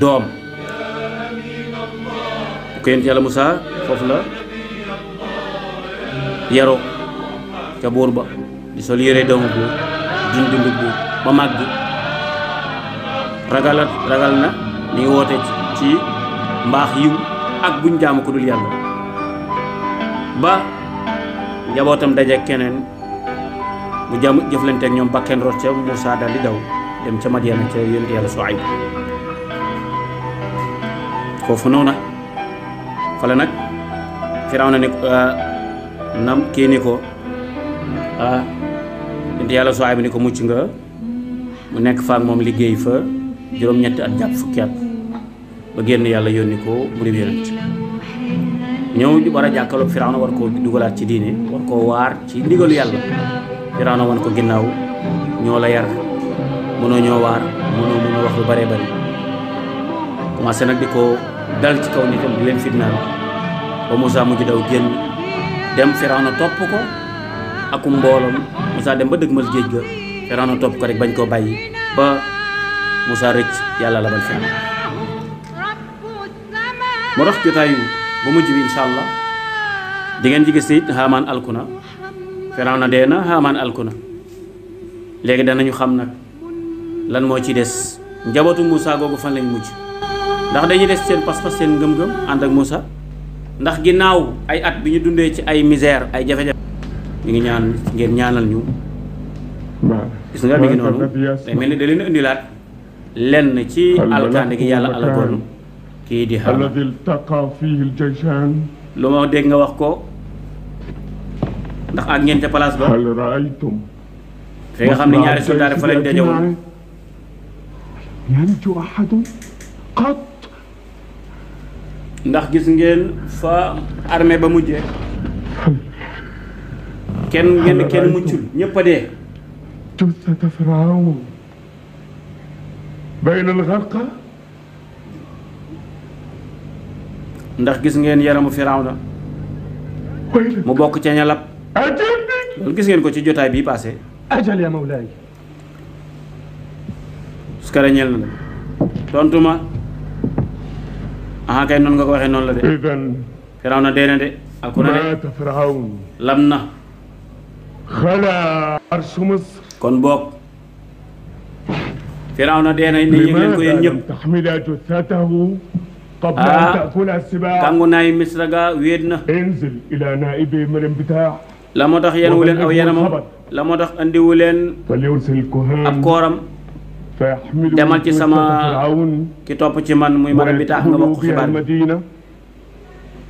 doom bu ko yent yàlla foofu la yaroo ca buur ba di sol yére doomu buur dund dundu buur ba màgg ragalat ragal na mi ngi woote ci mbaax yiw ak gun jaamu ko dul yàlla ba njabootam daje keneen mu jam jëflante ak ñoom bakken root ca Moussa di daw dem ca Madiana ca yonent yàlla Suayb foofu noona fale nag Firawna ni ah, nam kii ni ko ah yàlla soo bi ni ko mucc nga mu nekk fa moom liggéey fa juróom-ñetti at jàpp fukki at ba génn yàlla yónni ko mu dem ñëw war a jàkkaloog Firawna war koo dugalaat ci diine war koo waar ci ndigalu yàlla Firawna wan ko ginnaaw ñoo la yar mënoo ñoo waar mënoo mënoo wax lu bare bari commencé nag di ko dal ci kaw nitam di leen fitnaal ba Moussa mu daw génn dem Firawna topp ko ak mbooloom Moussa dem ba dëgmal géej ga Firawna topp ko rek bañ koo bàyyi ba Moussa rëcc yàlla la bal Firawna moo tax jotaayu ba mujj bi incha allah di ngeen ci gis it Haamaan alkuna Firawna dee na Haamaan alkuna léegi danañu xam nag lan moo ci des njabootu Moussa googu fan lañ mujj ndax dañuy des seen pas-pas seen ngëm-ngëm ànd ak Moussa ndax ginnaaw ay at bi ñu dundee ci ay misère ay jafe-jafe ñu ngi ñaan ngeen ñaanal ñu gis nga mi ngi noonu day mel da leen indilaat lenn ci alkaande gi yàlla alagoon kii di xam lu ma dégg nga wax ko ndax ak ngeen ca place ba fi nga xam ne ñaari soldaare fa lañ dajewoon ndax gis ngeen fa armée ba mujjee kenn ngeen kenn muccul ñëpp a dee ndax gis ngeen yaramu firaaw na mu bokk ca lab loolu gis ngeen ko ci jotaay bi passé ajal ya na tontuma aha kay noonu nga ko waxee noonu la de Firawna na de ak ku na de lam na xalaa arsu Misr kon boog Firawna dee na ni yëg leen ko yéen ñëpp ah Misra ga wéet na la moo tax yéen leen aw yaramam la moo tax andiwu leen ab kooram demal ci sama ki topp ci man muy mara bi taax nga bokk xibaar bi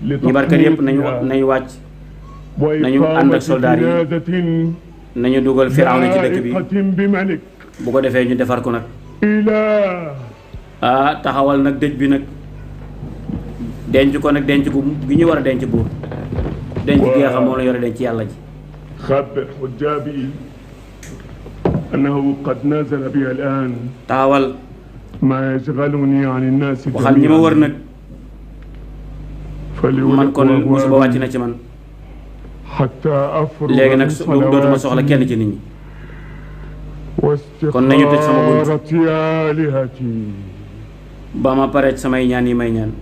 ñu barkat yépp nañu nañu wàcc nañu ànd ak soldaar yi nañu dugal firawna ci dëkk bi bu ko defee ñu defar ko nag ah taxawal nag dëj bi nag denc ko nag denc ko gi ñuy war a denc buur denc gi nga xam moom la yore denc yàlla ji taawal ما يشغلني عن الناس ma wër nag man kon musiba wàcc na ci man léegi nag dootuma soxla kenn ci nit ñi kon nañu tëj sama bunt ba ma pare samay ñaan yi may ñaan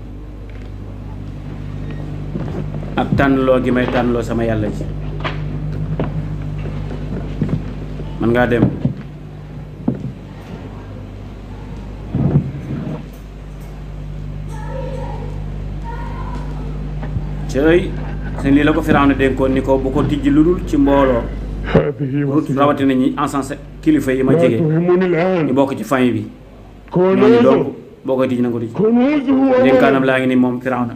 ak tànnloo gi may tànnloo sama yàlla ci man ngaa dem cëy seen lii la ko Firawna dénkoon ni ko bu ko tijji lu dul ci mbooloo rut rawatina ñi encensé kilifa yi ma jege ñu bokk ci famille bi ñooñu donc boo ko tijji na ko tijji dénkaanam laa ngi ni moom Firawna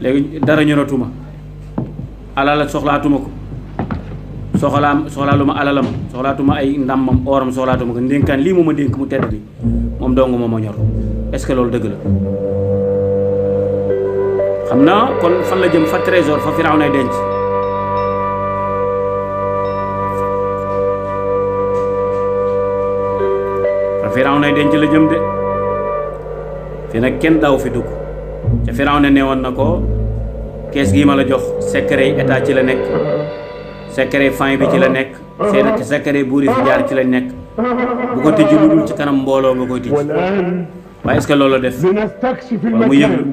léegi dara ñoratuma alal soxlaatuma ko soxlaam soxlaaluma alalam soxlaatuma ay ndàmmam ooram soxlaatuma ko ndénkaan lii moom ma dénk mu tedd di moom dong moom a ñor est-ce que loolu dëgg la xam naa kon fan la jëm fa trésor fa firaw na denc fa firaw nay denc la jëm de fi nag kenn daaw fi dugg te firaw ne neewoon na ko kees gii ma la jox secret yi état ci la nekk secret fin bi ci la nekk seen ak secret buur yi fi jaar ci la nekk bu ko tijji lu dul ci kanam mbooloo nga koy tijji waaye est def wala mu yëglu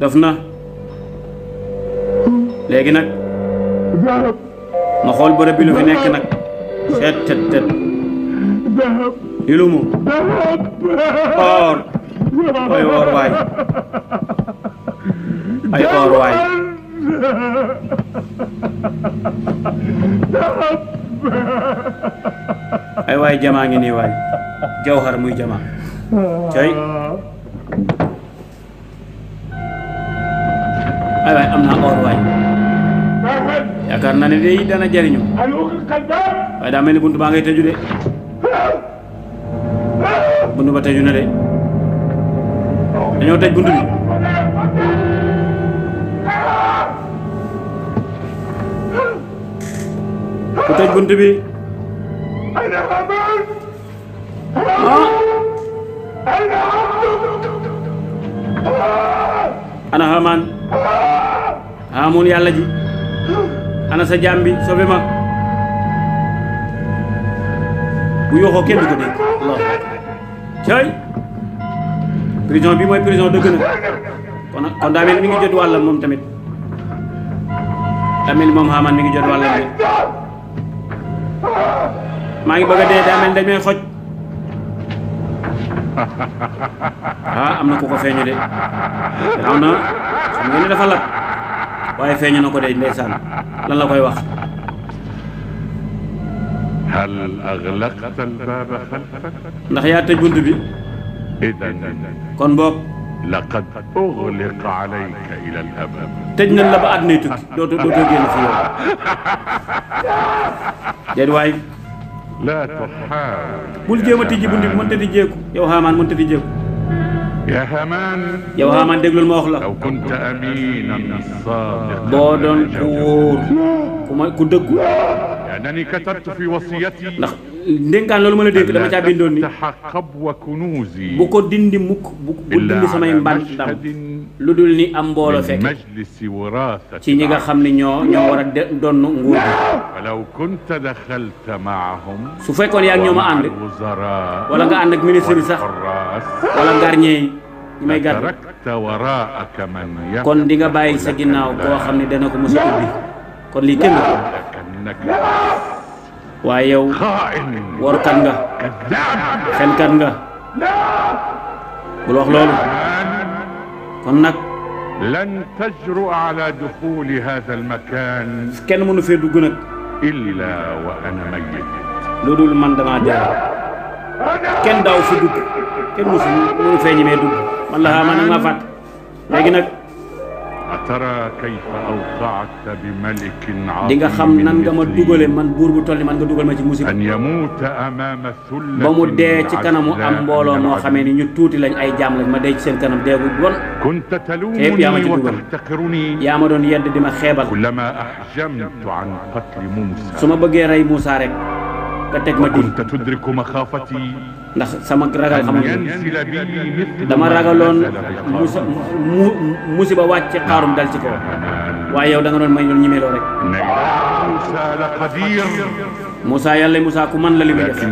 def na léegi nag ma xool bërëb fi nekk nag seet tet tet ilumu oor ay oor waay ay oor waay ay waay jamaa ngi nii waay jawhar muy jamaa cay ay waay am naa or waay yaakaar naa ne day dana jariñu waaye daa mel ni buntu baa ngay tëju de buntu ba tëju na de dañoo tëj bi ku tëj bi ah! ana xamaan amoon yàlla ji ana sa jaam bi sobe ma bu kenn du ko dégg allah cay prison bi mooy prison dëgg na kon kon mi ngi jot wàllam moom tamit daa mel moom xaamaan mi ngi jot wàllam de maa ngi bëgg a dee daa mel xoj ah am na ku ko feeñu de raw xam ngeen ne dafa lab waaye feeñu na ko de ndeysaan lan la koy wax hal aghlaqta al baaba ndax yaa tëj bunt bi idan kon boog laqad ughliqa alayka tëj nañ la ba àddunay tukki dootoo dootoo génn fi yow déet waay laa tuxaar. bul jéem a tijji bunt bi mënta tijjeeku. yow Haamaan mënta tijjeeku. yaa Haamaan. yow Haamaan déglul ma wax la. aw kunta aminan saadiqan. boo doon ku wóor. ku ma ku dëggu. yaa nani katabtu fi wasiyati. ndax. ndénkaan loolu ma la dénk dama caa bindoon ni bu ko dindi mukk bu dindi samay mbàndam lu dul ni am mbooloo fekk ci ñi nga xam ne ñoo ñoo war a donn nguur gi su fekkoon yaa ngi ñoo ma nga ànd ak ministre bi sax wala ngarñee yi ñi may gàddu kon di nga bàyyi sa ginnaaw koo xam ne dana ko mos a ubbi kon lii kenn ko waaye yow workat nga xelkat nga bul wax loolu kon nag lan tajru ala duxuli hada almakan kenn mënu fee dugg nag illa wa ana mayit loolu man dama jaar kenn daaw fi dugg kenn mësu fee ñemee dugg man la maa nag maa fàtt léegi di nga xam nan nga ma dugale man buur bu toll ni man nga dugal ma ci musiba ba mu dee ci kanamu am mbooloo moo xamee ni ñu tuuti lañ ay jaam lañ ma dee ci seen kanam deegu bon képp yaa ma ci dugal yaa ma doon yedd di ma xeebal su ma bëggee rey Moussa rek nga teg ma di ndax sama ragal xam dama ragaloon musa mu musiba wàcc xaarum dal ci kaw waaye yow danga doon may ñun ñimeeloo rek Moussa yàlla Moussa ku man la li muy def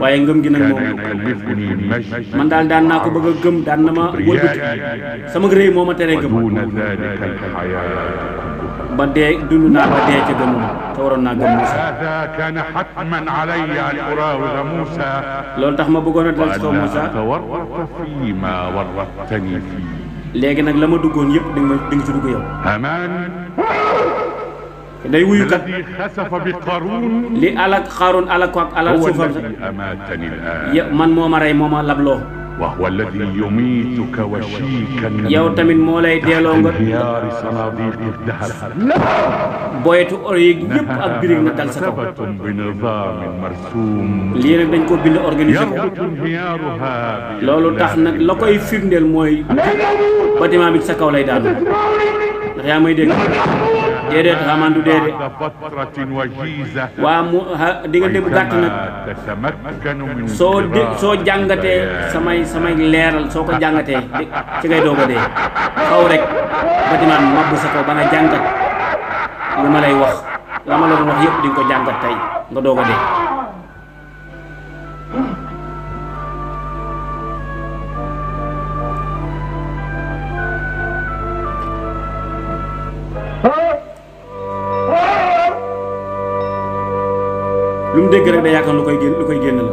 waaye ngëm gi nag moom man daal daan naa ko bëgg a gëm daan na ma wëlbati sama réy moo ma teree gëm ba dee dund naa ba dee ca gëmu ma te waroon naa gëm Moussa kana hatman alayya an urawida Moussa loolu tax ma bëggoon a dal léegi nag la ma duggoon yëpp di nga di nga ci dugg yow aman day wuyu kat li alak xaaroon alak ko ak alal suufam man moo ma rey moo ma labloo وهو الذي يميتك وشيكا yow tamit moo lay delloo nga boyetu or yeeg yëpp ak birig na dal sa kaw lii nag dañ ko bind organisé ko loolu tax nag la koy firndeel mooy bâtiment bi sa kaw lay daanu ndax yaa may dégg de déedéet xamandu déedéet waa mu diggante bu gàtt nag soo di soo jàngatee samay samay leeral soo ko jàngatee ci ngay doog a dee xaw rek batimaan mabbu sa ko ba nga jàngat li ma lay wax la ma la wax yëpp di ko jàngat tey nga doog a dee lu mu dégg rek da yaakaar lu koy génn lu koy génn la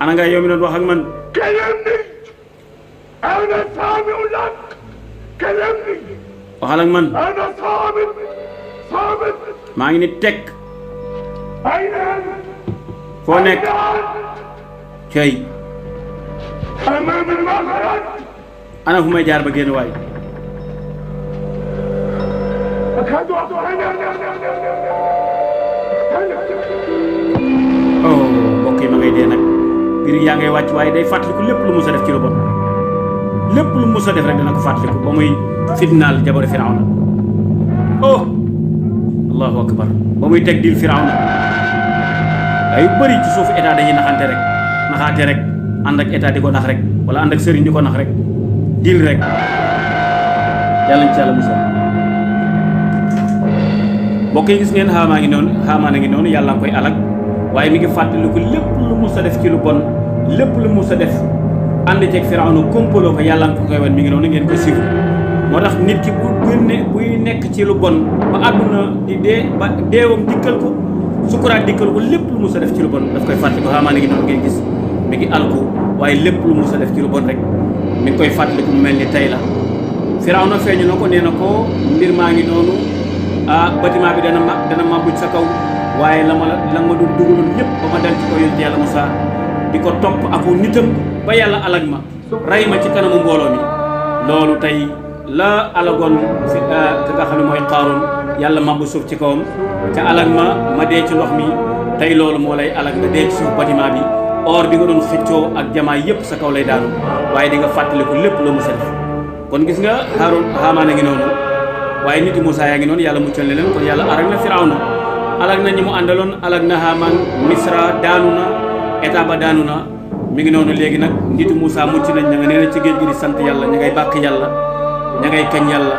ana nga yow mi doon wax ak man waxal ak man maa ngi ni tekk foo nekk cey ana fu may jaar ba génn mbir yaa ngi wàcc waaye day fàttaliku lépp lu mus a def ci lu lépp lu mus def rek dana ba muy fitnaal jabaru firawna oh muy teg dil firawna ay ci suufu état dañuy naxante rek naxaate rek ànd ak wala ànd ak ko nax rek dil rek yàlla ci yàlla musal mbokk gis ngeen xaamaa noonu xaamaa na ngi noonu def ci lu bon lépp lu mos a def ànd ceeg Firawna kompaloo ko yàlla ko koy wan mi noonu ngeen ko siiw moo tax nit ki gënne buy nekk ci lu bon ba àdduna di dee ba dikkal ko sukuraat dikkal lépp lu mos def ci lu daf koy fàttali ko xamaa ne ngi noonu ngeen gis mi ngi alku waaye lépp lu mos a def ci lu rek mi ngi koy fàttali ko mu mel ni tey la Firawna feeñu na ko nee na ko mbir maa ngi noonu ah bi dana ma dana sa kaw waaye la ma la ma doon dugaloon ñëpp ba ma di ko topp aku nitam ba yàlla alag ma rey ma ci kanamu mbooloo loolu tey la alagoon si ah, ki nga xam ne mooy xaaroon yàlla mabbu suuf ci kawam ca alag ma ma dee ci ndox mi tey loolu moo lay alag nga dee ci suuf bâtiment bi or bi nga doon xëccoo ak jamaay yépp sa kaw lay daanu waaye di nga fàttaliku lépp loo musa def kon gis nga xaaroon xaamaan a ngi noonu waaye nit yi Moussa yaa ngi noonu yàlla muccal na leen kon yàlla alag na Firawna alag na ñi mu àndaloon état ba daanu na mu ngi noonu léegi nag njiitu Moussa mucc nañ ña nga nee na ci géej gi di sant yàlla ña ngay bàkk yàlla ña ngay kañ yàlla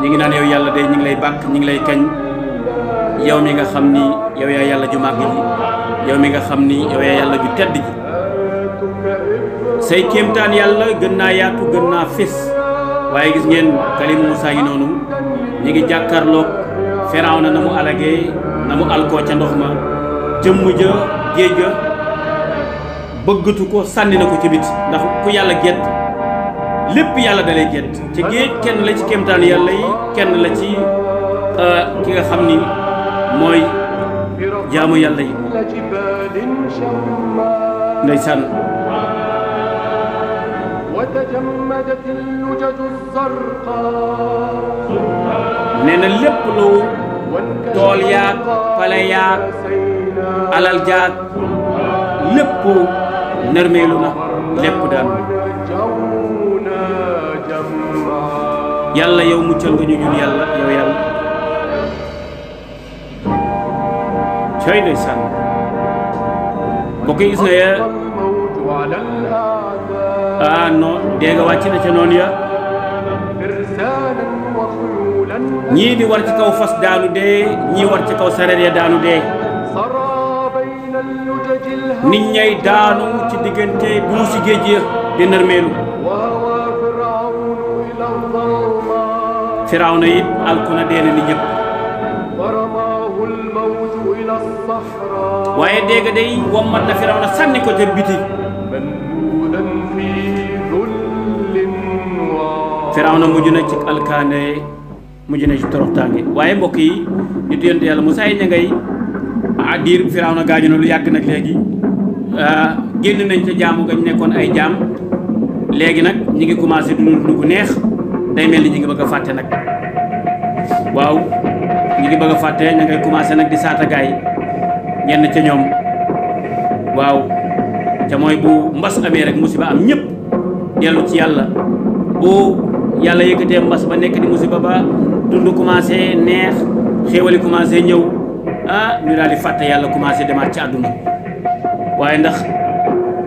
ñi ngi naan yow yàlla day ñu ngi lay bàkk ñi ngi lay kañ yow mi nga xam ni yow yaa yàlla ju màgg ji yow mi nga xam ni yow yaa yàlla ju tedd ji say kéemtaan yàlla gën naa yaatu gën naa fés waaye gis ngeen kalim Moussa yi noonu ñi ngi jàkkaarloog Firawna na mu alagee na mu alkoo ca ndox ma jëmm ja géej ga bëggatu ko sànni na ko ci bit ndax ku yàlla gedd lépp yàlla dalay gedd ci géej kenn la ci kéemtaan yàlla yi kenn la ci euh, ki nga xam ni mooy jaamu yàlla yi ndeysaan nee na lépp lu tool yaag pale yaag alal jaag lépp nërmeelu na lépp daanu yàlla yow mu nga ñu ñun yàlla yow yàlla cooy sànn mbokk yi ya ah non dégg nga wàcc ca noonu ya ñii di war ci kaw fas daanu dee ñii war ci kaw sareet ya daanu dee nit ñay daanu ci diggante duusi géej ya di nërmeelu firawna it alkuna dee na ni ñëpp waaye dégg day wommat na firawna sànni ko ca biti firawna mujj na ci alkaane mujj na ci waaye mbokk yi nit Musaa yi ña Ah, diir Firawna gaañu na lu yàgg nag léegi ah, génn nañ ca jaamu gañ nekkoon ay jaam léegi nag ñi ngi commencé dund dund neex day mel ni ñi ngi bëgg a fàtte nag waaw ñi ngi bëgg a fàtte ña ngay commencé nag di saata gaay ñenn ca ñoom waaw te mooy bu mbas amee rek musiba am ñëpp dellu ci yàlla bu yàlla yëkkatee mbas ba nekk di musiba ba dund commencé neex xéewali commencé ñëw ah ñu daal di fàtte yàlla commencé demaat ci àdduna waaye ndax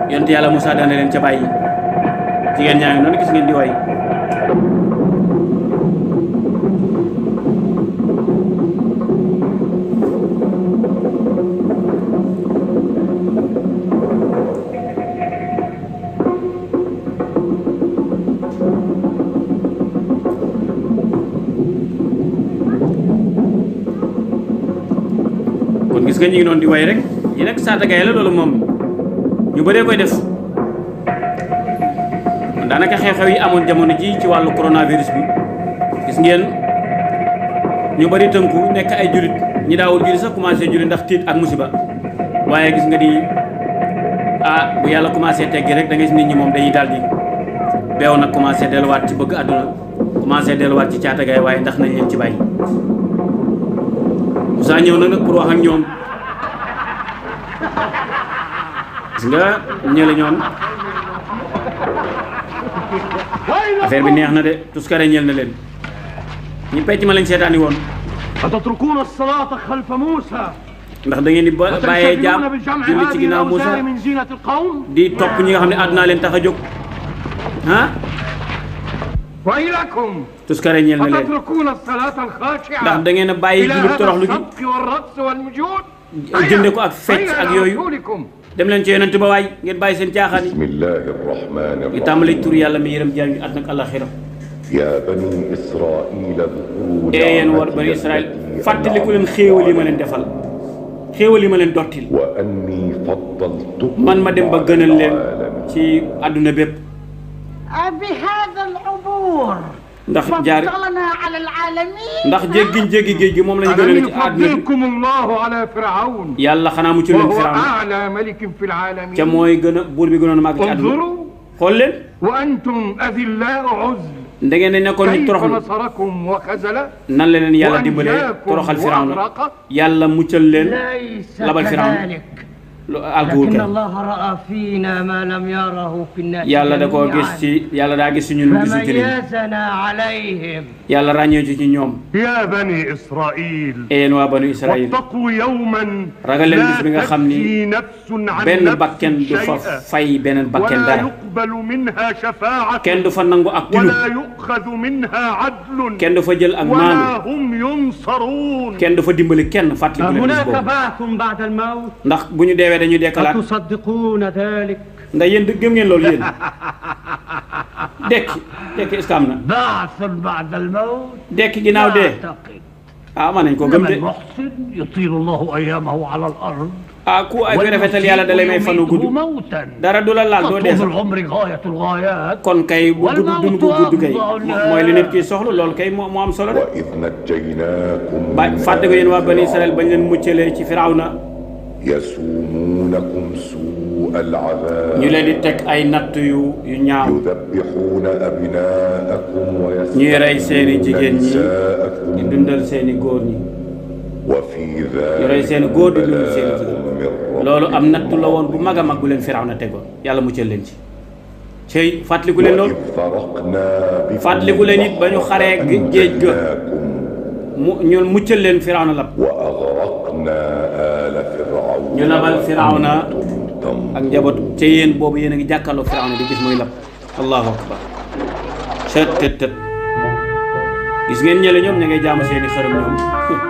yonent yàlla Moussa dana leen ca bàyyi jigéen ñaa ngi noonu gis ngeen di woy kon gis nga ñu ngi noonu di way rek yi nag saatagaay la loolu moom ñu baree koy def kon daanaka xew-xew yi amoon jamono ji ci wàllu coronavirus bi gis ngeen ñu bëri tënku nekk ay jurit ñi daawul juri sax commencé juri ndax tiit ak musiba waaye gis nga di ah bu yàlla commencé teggi rek da si nit ñi moom dañuy daal di beew nag commencé delluwaat ci bëgg àdduna commencé delluwaat ci caatagaay waaye ndax nañ leen ci bàyyi Moussa ñëw na nag pour wax ak ñoom gis nga ñële ñoom affaire bi neex na de tuskare ñeel na leen ñu pecc ma lañ seetaani woon atatrukuuna salaata xalfa Muusa ndax da ngeen di bàyyee jaam julli ci ginnaaw Muusa di topp ñi nga xam ne àddunaa leen tax a jóg tus kare ñeel na leen ndax da ngeen a bàyyi jullit toroxlu gi jënde ko ak fecc ak yooyu dem leen ci yonent ba waay ngeen bàyyi seen caaxaan yi tàmbali tur yàlla mi yërëm jaam yi at nag àllaxira yaa bani Israa'iila ee eh, yéen war bani Israa'iil fàttaliku leen xéewal yi ma leen defal xéewal yi ma leen dottil man ma dem ba gënal leen ci àdduna bépp ndax jaar ndax jéggi jéggi géej gi moom lañ gënal ci àdduna bi yàlla xanaa mu ci leen Firawna ca mooy gën a buur bi gënoon a màgg ci àdduna xool leen da ngeen ne nekkoon ni toroxlu nan la leen yàlla dimbalee toroxal Firawna yàlla muccal leen labal Firawna àgguwul kenn yàlla da koo gis ci yàlla daa gis ci ñun lu gisul ci yàlla ràññee ci ci ñoom ya bani israil e yéen waa banu israil wattaqu yawman ragal leen bis bi nga xam ni benn bakken du fa fay beneen bakken dara kenn du fa nangu ak tinu kenn du fa jël ak maanu kenn du fa dimbali kenn fàttali leen bis boobu ndax bu ñu deewee dañuy dekkalaat ndax yéen gëm ngeen loolu yéen dekki dekki est-ce que am na. baasun baada al-mawt. dekki ginnaaw dee. ah mën nañu ko gëm de. yutilu llahu ayyamahu ala al-ard. ah ku ay rafetal yàlla da lay may fanu gudd. dara du la laal doo dee sax. kon kay bu dund bu gudd kay mooy li nit ki soxla lool kay moo am solo de. ba fàtte ko yéen waa bani Israël bañ leen muccalee ci Firawna. yasumunakum suu ñu leen di teg ay natt yu yu ñaaw ñuy rey seeni jigéen ñi di dundal seeni góor ñi rey seeni góor dundal seeni jigéen loolu am nattu la woon bu mag a mag gu leen firaw na tegoon yàlla muccal leen ci cey fàttaliku leen loolu fàttaliku leen it ba ñu xaree géej ga mu ñu muccal leen firaw na lab ñu labal firaw na ak njabootu ca yéen boobu yéen a ngi jàkkaarloo Firawna di gis muy lab allahu akbar tët tët tët gis ngeen ñële ñoom ña ngay jaamu seeni xërëm ñoom tët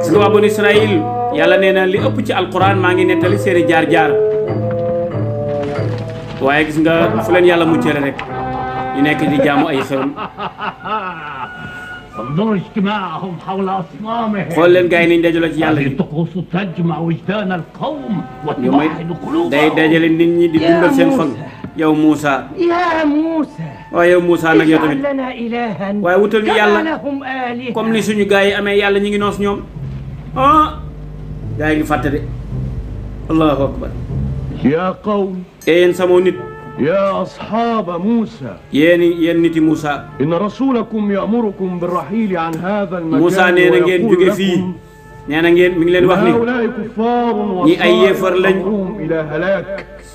gis nga waa banu Israël yàlla nee naa li ëpp ci alquran maa ngi nettali seeni jaar jaar waaye gis nga fu leen yàlla muccëre rek ñu nekk di jaamu ay xërëm انظروا اجتماعهم حول أصنامهم xool leen gars yi nañ dajaloo ci yàlla gi. طقوس تجمع وجدان القوم وتوحد قلوبهم day dajale nit ñi di dundal seen fan. yow Moussa. yaa Moussa. waaw yow Moussa nag yow tamit. waaye wutal ñu yàlla comme ni suñu gars yi amee yàlla ñu ngi noos ñoom. ah. gars yi ngi fàtte de. allahu akbar. yaa qawm. yéen sama nit. يا أصحاب موسى يني ينتي موسى إن رسولكم يأمركم بالرحيل عن هذا المكان موسى نينا ngeen jóge fii neena ngeen mi ngi leen wax ni ñi ay yéefar lañ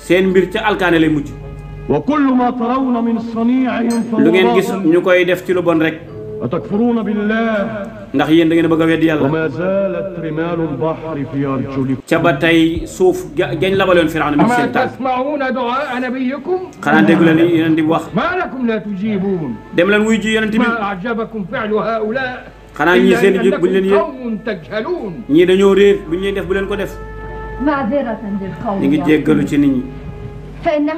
seen mbir ca alkaane lay mujj wa kullu ma tarawna min sani'in lu ngeen gis ñu koy def ci lu bon rek atakfuruna billah ndax yéen da ngeen bëgg a weddi yàlla ca ba tey suuf gañ labaloon firawna mi seen tànk xanaa dégg leen yonent bi wax dem leen wuy ji yonent bi xanaa ñii seen i jur bu ñu leen yéen ñii dañoo réer bu ñu def bu leen ko def ñu ngi jéggalu ci nit ñi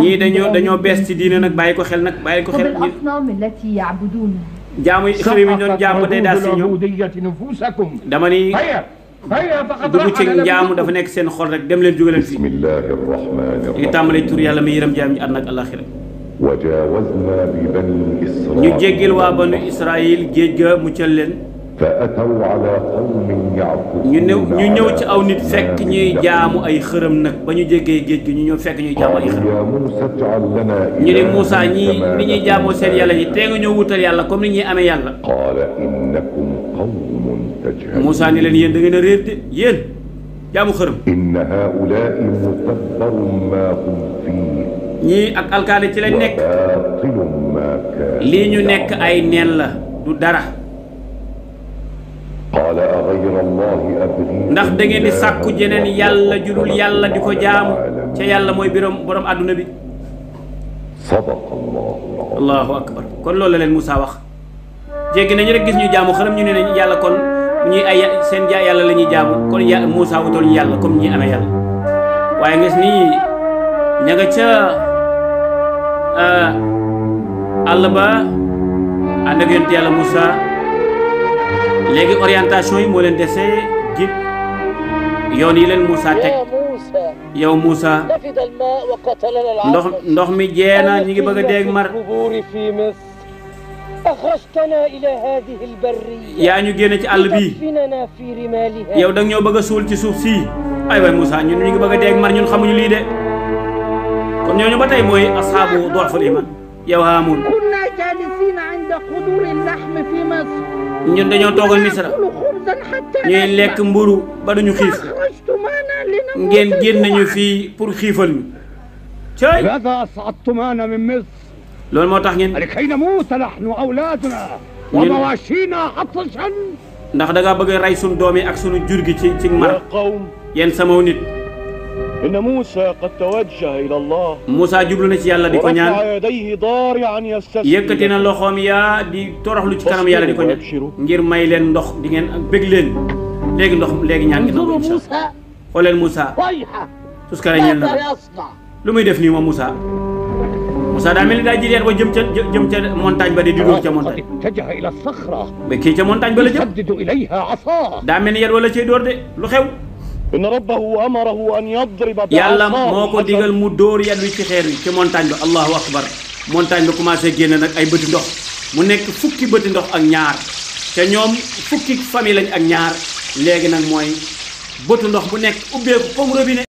ñii dañoo dañoo bees ci diine nag bàyyi ko xel nag bàyyi ko xel ñi jaamu xëy mi doon jaamu day daal si ñoom dama ni dugg ci njaamu dafa nekk seen xool rek dem leen jóge leen fii. ñu tàmbalee tur yàlla mi yërëm jaam ñi ànd ak àllaaxira ñu jéggil waa banu Israayil géej ga muccal leen. ñu ñëw ñu ñëw ci aw nit fekk ñuy jaamu ay xërëm nag ba ñu jéggee géej gi ñu ñëw fekk ñuy jaamu ay xërëm ñu ne Moussa ñi ni ñuy jaamoo seen yàlla yi tee nga ñoo wutal yàlla comme ni ñuy amee yàlla Moussa ni leen yéen da ngeen a réer de yéen jaamu xërëm ñii ak alkaade ci lañ nekk lii ñu nekk ay neen la du dara ndax da ngeen di sàkku jeneen yàlla judul yàlla di ko jaamu ca yàlla mooy birom borom àdduna bi allahu akbar kon lool la leen Moussa wax jéggi nañu rek gis ñu jaamu xaram ñu ne nañ yàlla kon ñuy ay seen ja yàlla la ñuy jaamu kon ya Moussa wutal ñu yàlla comme ñi amee yàlla waaye nges nii ña nga ca euh, àll ba ànd ak yonent yàlla Moussa léegi orientation yi moo leen dese jib yoon yi leen Moussa teg yow Moussa ndox ndox mi jeena ñi ngi bëgg a dégg mar yaa ñu génn ci àll bi yow da ñoo bëgg a suul ci suuf si ay waay Moussa ñun ñu ngi bëgg a dégg mar ñun xamuñu lii de kon ñu ba tey mooy asxaabu doxful iman yow Haamuun ñun dañoo toogal misra ñuy lekk mburu ba duñu xiif ngeen génn nañu fii pour xiifal ñu cay صعدتمانا من مصر loolu moo tax ngeen لكي نموت نحن وأولادنا ومواشينا عطشا ndax da ngaa bëgg a rey suñu doom yi ak suñu jur gi ci ci mar yéen samaw nit إن موسى قد توجه إلى الله موسى jublu na ci yàlla di ko ñaan يديه ضارعا يستسقي yëkkati na loxoom yaa di toroxlu ci kanam yàlla di ko ñaan ngir may leen ndox di ngeen bëgg leen léegi ndox léegi ñaan ngeen ndox Moussa xooleen Moussa tuskare ñeel na lu muy def nii moom Moussa Moussa daa mel ni daa ji leer ba jëm ca jëm ca montagne ba di di dóor ca montagne itajaha ila saxra ba kii ca montagne ba la jëm daa mel ni yet wala cay dóor de lu xew yàlla moo ko digal mu dóor yan wi ci xeer wi ci montagne ba allahu akbar montagne ba commencé génn nag ay bëti ndox mu nekk fukki bëti ndox ak ñaar te ñoom fukki famille ak ñaar léegi nag mooy bëtu ndox bu nekk ubbeeku comme robinet